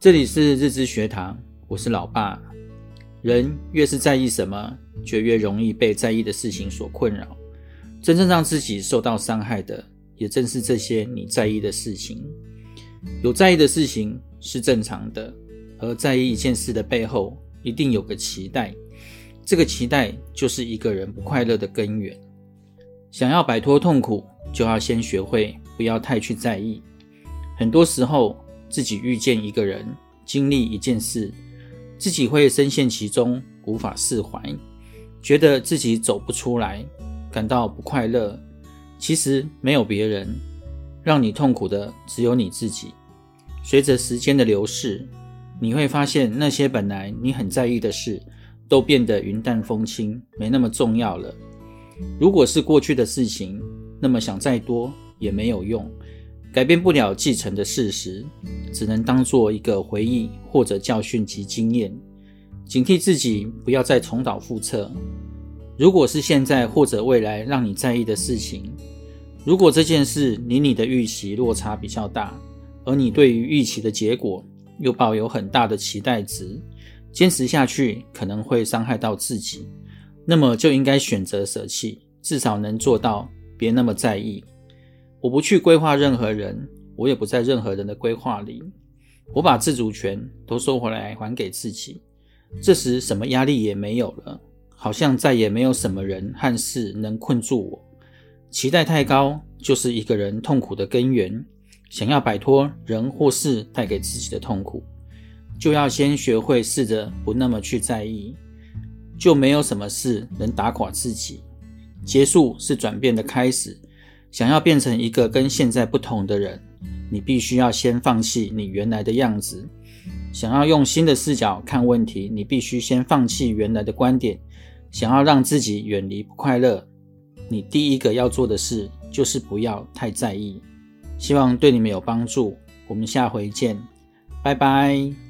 這裡是日之學堂，我是老爸。人越是在意什麼，就越容易被在意的事情所困擾。真正讓自己受到傷害的，也正是這些你在意的事情。有在意的事情是正常的，而在意一件事的背後，一定有個期待。這個期待就是一個人不快樂的根源。想要擺脫痛苦，就要先學會不要太去在意。很多時候。自己遇見一個人，經歷一件事，自己會深陷其中，無法釋懷，覺得自己走不出來，感到不快樂。其實沒有別人讓你痛苦的，只有你自己。隨着時間的流逝，你會發現那些本來你很在意的事，都變得雲淡風輕，沒那麼重要了。如果是過去的事情，那麼想再多也沒有用，改變不了既成的事實。只能當做一個回憶或者教訓及經驗，警惕自己不要再重蹈覆轍。如果是現在或者未來讓你在意的事情，如果這件事離你的預期落差比較大，而你對於預期的結果又抱有很大的期待值，堅持下去可能會傷害到自己，那麼就應該選擇捨棄，至少能做到別那麼在意。我不去規劃任何人。我也不在任何人的規劃裡，我把自主權都收回來，還給自己。這時什麼壓力也沒有了，好像再也沒有什麼人和事能困住我。期待太高就是一個人痛苦的根源。想要擺脫人或事帶給自己的痛苦，就要先學會試着不那麼去在意，就沒有什麼事能打垮自己。結束是轉變的開始。想要變成一個跟現在不同的人。你必須要先放棄你原來的樣子，想要用新的視角看問題，你必須先放棄原來的觀點。想要讓自己遠離不快樂，你第一個要做的事就是不要太在意。希望對你們有幫助，我們下回見，拜拜。